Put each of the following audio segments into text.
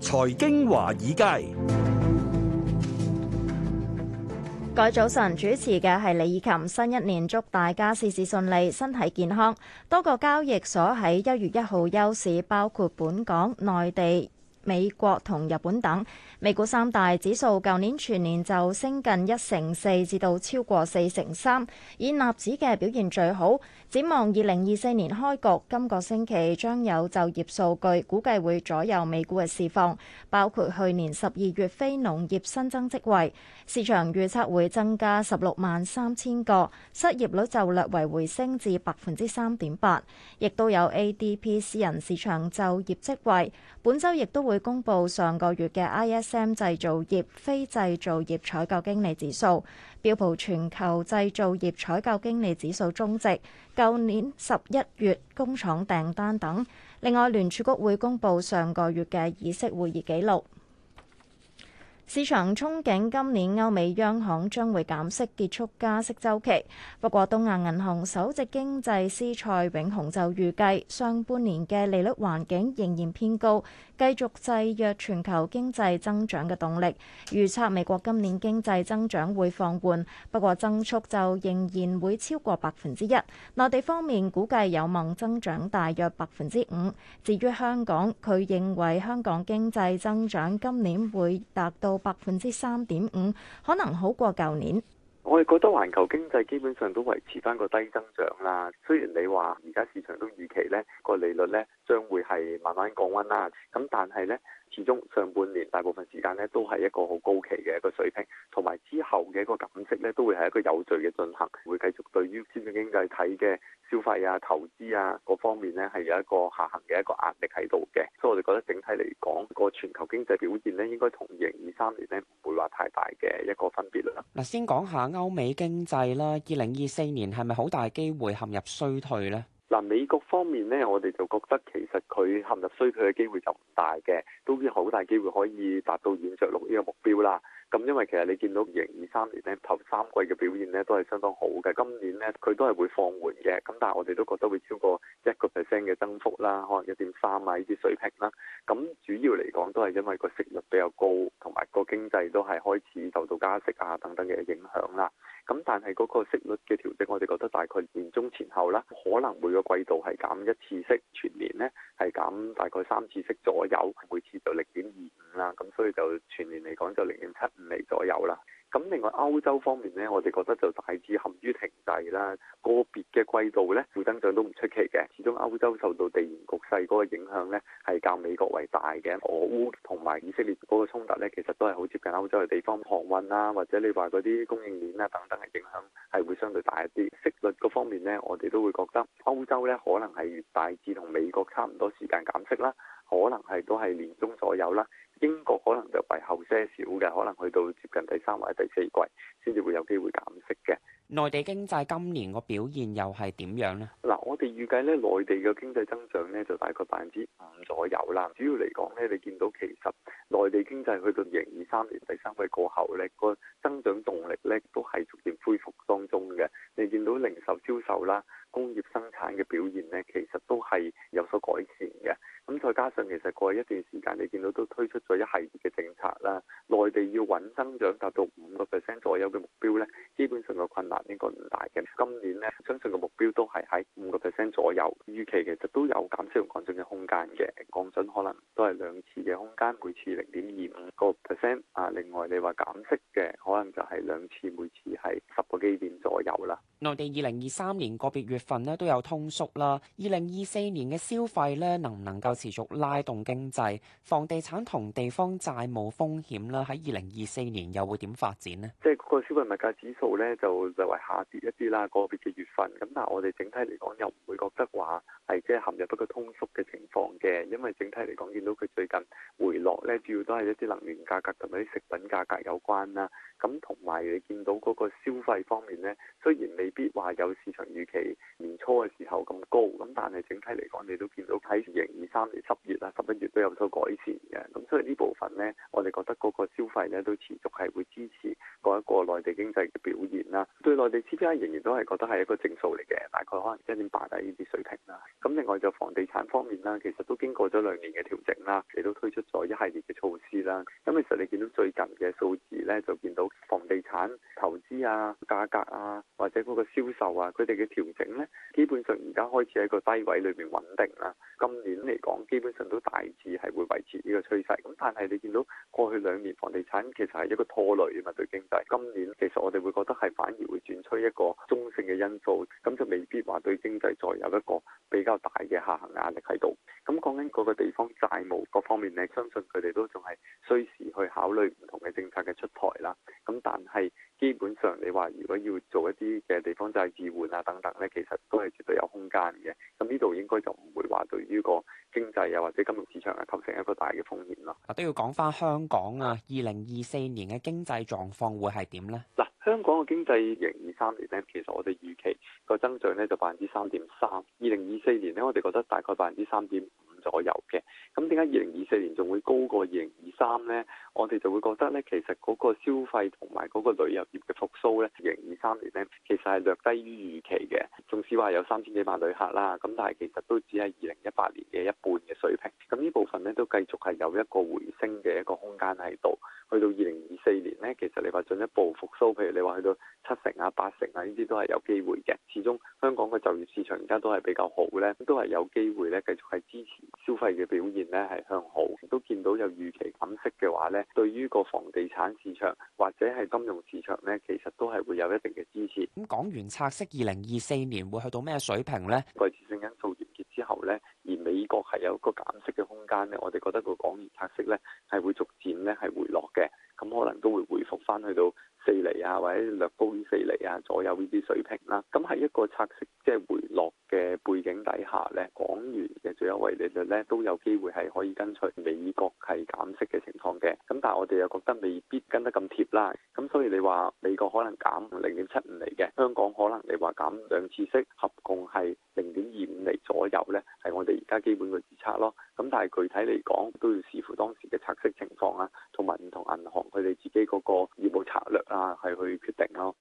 財經華爾街，早早晨主持嘅係李以琴。新一年祝大家事事順利，身體健康。多個交易所喺一月一號休市，包括本港、內地。美國同日本等美股三大指數，舊年全年就升近一成四，至到超過四成三。以納指嘅表現最好。展望二零二四年開局，今個星期將有就業數據，估計會左右美股嘅市況。包括去年十二月非農業新增職位，市場預測會增加十六萬三千個。失業率就略為回升至百分之三點八，亦都有 ADP 私人市場就業職位，本周亦都會會公布上個月嘅 ISM 製造業、非製造業採購經理指數、標普全球製造業採購經理指數終值、舊年十一月工廠訂單等。另外，聯儲局會公布上個月嘅議息會議記錄。市場憧憬今年歐美央行將會減息，結束加息週期，不過東亞銀行首席經濟師蔡永雄就預計上半年嘅利率環境仍然偏高，繼續制約全球經濟增長嘅動力。預測美國今年經濟增長會放緩，不過增速就仍然會超過百分之一。內地方面估計有望增長大約百分之五。至於香港，佢認為香港經濟增長今年會達到。百分之三點五，可能好過舊年。我哋覺得環球經濟基本上都維持返個低增長啦。雖然你話而家市場都預期呢個利率呢。將會係慢慢降溫啦。咁但係呢，始終上半年大部分時間呢都係一個好高企嘅一個水平，同埋之後嘅一個減息呢都會係一個有序嘅進行，會繼續對於主要經濟體嘅消費啊、投資啊各方面呢係有一個下行嘅一個壓力喺度嘅。所以我哋覺得整體嚟講，個全球經濟表現呢應該同二零二三年呢唔會話太大嘅一個分別啦。嗱，先講下歐美經濟啦。二零二四年係咪好大機會陷入衰退呢？但美國方面咧，我哋就覺得其實佢陷入衰退嘅機會就唔大嘅，都有好大機會可以達到軟著陸呢個目標啦。咁因為其實你見到二零二三年咧頭三季嘅表現咧都係相當好嘅，今年咧佢都係會放緩嘅，咁但係我哋都覺得會超過一個 percent 嘅增幅啦，可能一點三啊呢啲水平啦。咁、嗯、主要嚟講都係因為個息率比較高，同埋個經濟都係開始受到加息啊等等嘅影響啦。咁、嗯、但係嗰個息率嘅調整，我哋覺得大概年中前後啦，可能每個季度係減一次息，全年呢係減大概三次息左右，每次就零點二五啦，咁所以就全年嚟講就零點七五釐左右啦。咁另外歐洲方面呢，我哋覺得就大致陷於停滯啦。個別嘅季度呢，負增長都唔出奇嘅。始終歐洲受到地緣局勢嗰個影響呢，係較美國為大嘅。俄烏同埋以色列嗰個衝突呢，其實都係好接近歐洲嘅地方航運啊，或者你話嗰啲供應鏈啊等等嘅影響，係會相對大一啲。息率嗰方面呢，我哋都會覺得歐洲呢，可能係大致同美國差唔多時間減息啦，可能係都係年中左右啦。可能去到接近第三或者第四季，先至會有機會減息嘅。內地經濟，今年個表現又係點樣咧？我哋預計咧，內地嘅經濟增長咧就大概百分之五左右啦。主要嚟講咧，你見到其實內地經濟去到二零二三年第三季過後咧，個增長動力咧都係逐漸恢復當中嘅。你見到零售銷售啦、工業生產嘅表現咧，其實都係有所改善嘅。咁再加上其實過去一段時間，你見到都推出咗一系列嘅政策啦，內地要穩增長達到五個 percent 左右嘅目標咧，基本上個困難應該唔大嘅。今年咧，相信個目標都係喺五個 percent 左右，預期其實都有減息同降準嘅空間嘅，降準可能都係兩次嘅空間，每次零點二五個 percent 啊。另外你話減息嘅，可能就係兩次，每次係十個基點左右啦。內地二零二三年個別月份咧都有通縮啦，二零二四年嘅消費咧能唔能夠持續拉動經濟？房地產同地方債務風險咧喺二零二四年又會點發展呢？即係個消費物價指數咧就略為下跌一啲啦，個別嘅月份。咁但係我哋整體嚟講又唔會覺得話係即係陷入一個通縮嘅情況嘅，因為整體嚟講見到佢最近回落呢，主要都係一啲能源價格同埋啲食品價格有關啦。咁同埋你見到嗰個消費方面呢，雖然你未必話有市場預期年初嘅時候咁高，咁但係整體嚟講，你都見到喺二零二三年十月啊、十一月都有所改善嘅。咁所以呢部分呢，我哋覺得嗰個消費呢都持續係會支持嗰一個內地經濟嘅表現啦。對內地 CPI 仍然都係覺得係一個正數嚟嘅，大概可能一點八喺呢啲水平啦。咁另外就房地產方面啦，其實都經過咗兩年嘅調整啦，亦都推出咗一系列嘅措施啦。咁其實你見到最近嘅數字呢，就見到。地產投資啊、價格啊，或者嗰個銷售啊，佢哋嘅調整呢，基本上而家開始喺個低位裏面穩定啦。今年嚟講，基本上都大致係會維持呢個趨勢。咁但係你見到過去兩年房地產其實係一個拖累啊嘛，對經濟。今年其實我哋會覺得係反而會轉出一個中性嘅因素，咁就未必話對經濟再有一個比較大嘅下行壓力喺度。咁講緊嗰個地方債務各方面呢，相信佢哋都仲係需時去考慮唔同嘅政策嘅出台啦。你話如果要做一啲嘅地方債置換啊等等呢，其實都係絕對有空間嘅。咁呢度應該就唔會話對於個經濟啊或者金融市場啊構成一個大嘅風險咯。啊，都要講返香港啊，二零二四年嘅經濟狀況會係點呢？嗱，香港嘅經濟二零二三年呢，其實我哋預期個增長呢就百分之三點三。二零二四年呢，我哋覺得大概百分之三點。左右嘅，咁點解二零二四年仲會高過二零二三呢？我哋就會覺得呢，其實嗰個消費同埋嗰個旅遊業嘅復甦呢，二零二三年呢，其實係略低於預期嘅。縱使話有三千幾萬旅客啦，咁但係其實都只係二零一八年嘅一半嘅水平。咁呢部分呢，都繼續係有一個回升嘅一個空間喺度。去到二零二四年呢，其實你話進一步復甦，譬如你話去到。七成啊，八成啊，呢啲都係有機會嘅。始終香港嘅就業市場而家都係比較好咧，都係有機會咧，繼續係支持消費嘅表現咧，係向好。都見到有預期減息嘅話咧，對於個房地產市場或者係金融市場咧，其實都係會有一定嘅支持。咁港元拆息二零二四年會去到咩水平咧？季節性因素完結之後咧，而美國係有個減息嘅空間咧，我哋覺得個港元拆息咧，係會逐漸咧，係回落嘅。咁可能都會回復翻去到。四厘啊，或者略高於四厘啊左右呢啲水平啦，咁係一個測試，即係回落嘅背景底下咧，港元嘅最優惠利率咧都有機會係可以跟隨美國係減息嘅情況嘅。咁但係我哋又覺得未必跟得咁貼啦。咁所以你話美國可能減零點七五厘嘅，香港可能你話減兩次息，合共係零點二五厘左右咧，係我哋而家基本嘅預測咯。咁但係具體嚟講都要視乎當時嘅拆息情況啊，同埋唔同銀行佢哋自己嗰個業務策略啊，係去決定咯。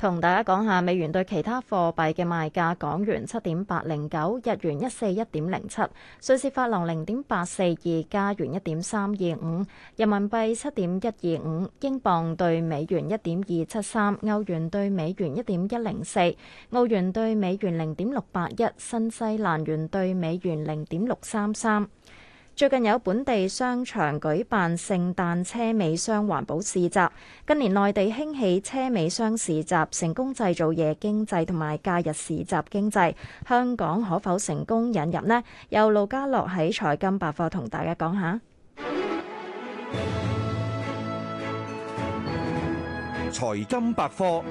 同大家講下美元對其他貨幣嘅賣價：港元七點八零九，日元一四一點零七，瑞士法郎零點八四二，加元一點三二五，人民幣七點一二五，英鎊對美元一點二七三，歐元對美元一點一零四，澳元對美元零點六八一，新西蘭元對美元零點六三三。最近有本地商場舉辦聖誕車尾箱環保市集。近年內地興起車尾箱市集，成功製造夜經濟同埋假日市集經濟，香港可否成功引入呢？由路家樂喺財金百貨同大家講下。財金百貨。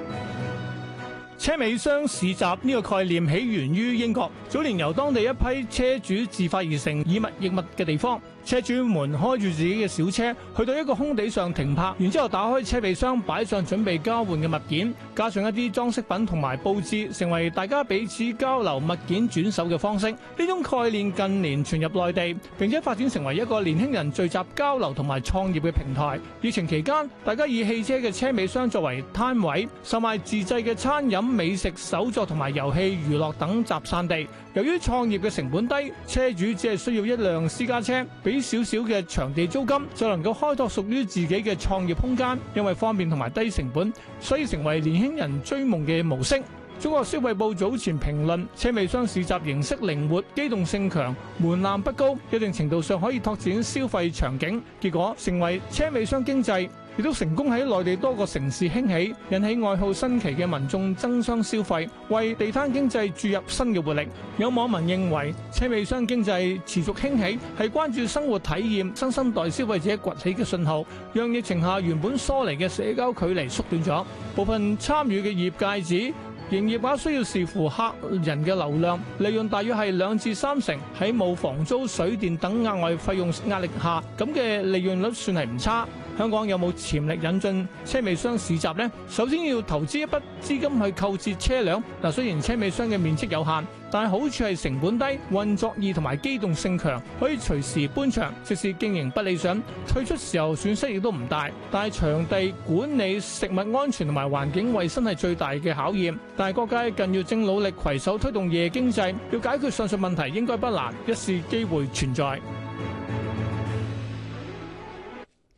車尾箱市集呢個概念起源於英國，早年由當地一批車主自發而成以物易物嘅地方。車主們開住自己嘅小車去到一個空地上停泊，然之後打開車尾箱擺上準備交換嘅物件，加上一啲裝飾品同埋佈置，成為大家彼此交流物件轉手嘅方式。呢種概念近年傳入內地，並且發展成為一個年輕人聚集交流同埋創業嘅平台。疫情期間，大家以汽車嘅車尾箱作為攤位，售賣自製嘅餐飲。美食、手作同埋遊戲娛樂等集散地，由於創業嘅成本低，車主只係需要一輛私家車，俾少少嘅場地租金，就能夠開拓屬於自己嘅創業空間。因為方便同埋低成本，所以成為年輕人追夢嘅模式。中國消費部早前評論，車尾箱市集形式靈活、機動性強、門檻不高，一定程度上可以拓展消費場景，結果成為車尾箱經濟，亦都成功喺內地多個城市興起，引起愛好新奇嘅民眾爭相消費，為地攤經濟注入新嘅活力。有網民認為，車尾箱經濟持續興起係關注生活體驗、新生代消費者崛起嘅信號，讓疫情下原本疏離嘅社交距離縮短咗。部分參與嘅業界指，營業額需要視乎客人嘅流量，利潤大約係兩至三成，喺冇房租、水電等額外費用壓力下，咁嘅利潤率算係唔差。香港有冇潛力引進車尾箱市集呢？首先要投資一筆資金去購置車輛。嗱，雖然車尾箱嘅面積有限，但係好處係成本低、運作易同埋機動性強，可以隨時搬場。即使經營不理想，退出時候損失亦都唔大。但係場地管理、食物安全同埋環境衞生係最大嘅考驗。但係各界更要正努力攜手推動夜經濟，要解決上述問題應該不難，一試機會存在。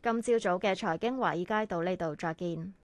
今朝早嘅財經華爾街到呢度再見。